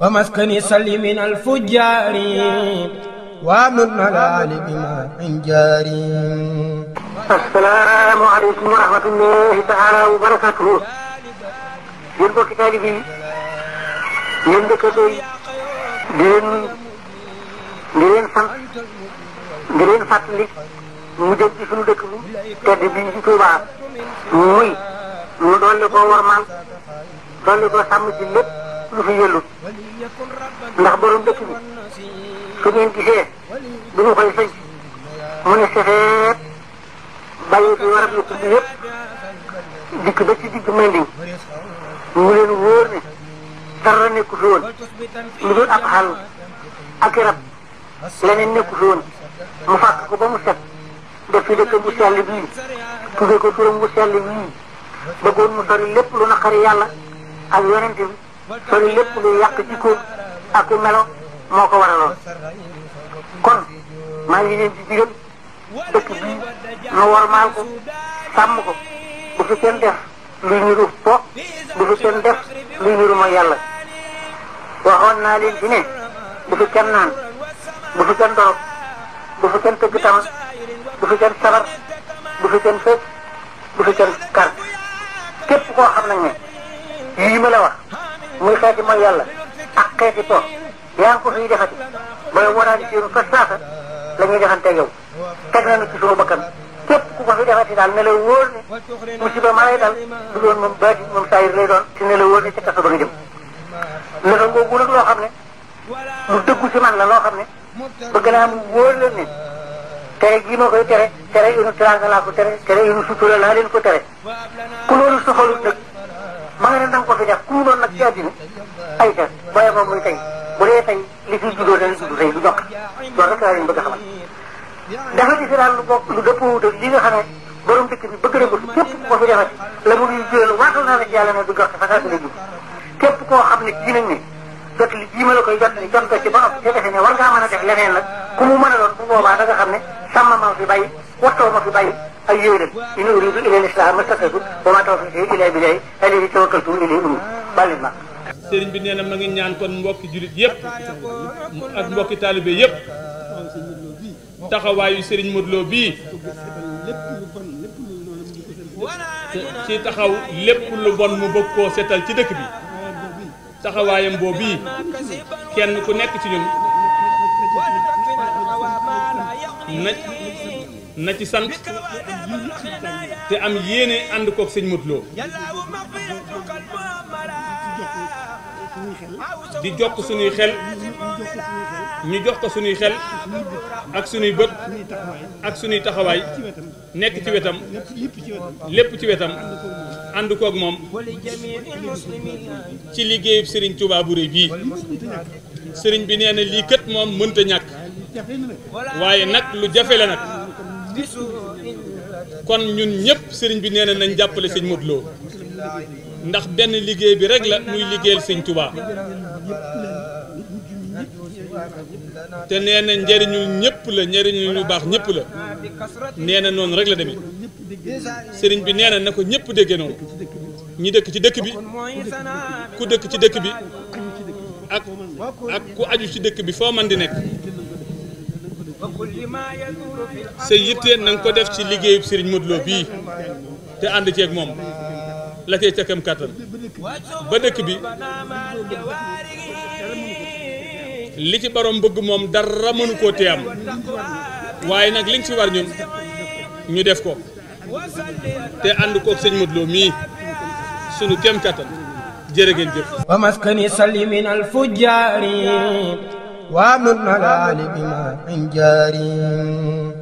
ومسكني سلي من الفجار وامن الآل بما من جاري السلام عليكم ورحمة الله تعالى وبركاته yéen mbokki taalibe yi yéen dëkkandoo yi di leen di leen sant di leen fàttali mu bi tedd bi ci Tuubaa muy mu dolli ko wormaal dolli ko sàmm lépp lu fi yellut ndax borom dëkk bi su ngeen gisee bi ñu koy sëñ mu ne sefeet bi warab yu tudd yëpp dikk ba ci digg mandi mu leen wóor ne dara nekku fi woon lu dul ab xàll ak rab leneen mu fàkk ko ba mu set def fi dëkk bu sell bii tudde ko turam bu sell lépp lu naqari yàlla ak yonente sori lépp luy yàq jikko ak melo moo ko waraloon kon maa ngi leen di digal dëkk bii nu wormaal ko sàmm ko bu fi kenn def luy niru fo bu fi kenn def luy niru mooy yàlla waxoon naa leen fi ne bu fi kenn naan bu fi kenn dorog bu fi kenn tëgg tama bu fi kenn sabar bu fi kenn fecc bu fi kenn kar képp koo xam nañ ne yii ma la wax muy xeeti mooy yàlla ak xeeti po yaa ngi ko suñu defati mooy waraan siinu fa saasa la ñuy defante yow teg nañu ci suñu bakkan képp ku ko fi defati daal ne la wóor ne musiba ma lay dal du doon moom baati moom saayir lay doon si ne la wóor ne ci kaso ba nga jëm lëfa ngoogu nag loo xam ne lu dëggu si man na loo xam ne bëgg naa mu wóor leen ne tere gii ma koy tere tere inu tiraanga laa ko tere tere inu sutura laa leen ko tere ku loolu soxalut nag ma nga ne da nga ko fi def ku mu doon nag ci àddina ay def booyee ko muy tey bu dee tey li fi juddoo dana judd tey du jokk loolu rek laa leen bëgg a xamal dafa di fi daal lu bokk lu dëppoo ak li nga xam ne borom dëkk bi bëgg na ko képp ko fi defati la mu ngi jël waatal naa ne ci yàlla na du jokk fasaa dina jub képp koo xam ne dinañ ne jot li jii ma la koy jot ni jot ko ci ba am te defe ne war ngaa mën a def leneen nag ku mu mën a doon bu boobaa da nga xam ne sàmm ma fi bàyyi wattoo ma fi bàyyi ay yéene in sëriñ bi nee ma ngi ñaan kon mbokki julit yëpp ak mbokki taalibe yëpp taxawaayu sëriñ Modou bii ci taxaw lépp lu bon mu bëgg koo seetal ci dëkk bi taxawaayam boobu kenn ku nekk ci ñun na na ci sant te am yéene ànd koog sëñ Modou Lo di jox ko suñuy xel ñu jox ko suñuy xel ak suñuy bët ak suñuy taxawaay nekk ci wetam lépp ci wetam ànd koog moom ci liggéeyub Serigne Touba bu rëy bii Serigne bi nee na lii kët moom mënta ñàkk waaye nag lu jafe la nag. kon ñun ñëpp sëriñ bi nee na nañ jàppale sëñ Modou ndax benn liggéey bi rek la muy liggéeyal sëñ Touba te nee na njëriñul ñëpp la njëriñul lu baax ñëpp la nee na noonu rek la demee sëriñ bi nee na na ko ñëpp dégge noonu ñi dëkk ci dëkk bi ku dëkk ci dëkk bi ak ak ku aju ci dëkk bi foo man di nekk sa yitte na nga ko def ci liggéeyub Serigne Modou Lo bii te ànd ceeg moom la cay càkkam kàttan ba dëkk bi li ci borom bëgg moom dara mënu koo tee waaye nag liñ ci war ñun ñu def ko te ànd koog sëñ Modou Lo mii sunu kem kàttan jërë ngeen jëf. ومن ملال بما عن جارين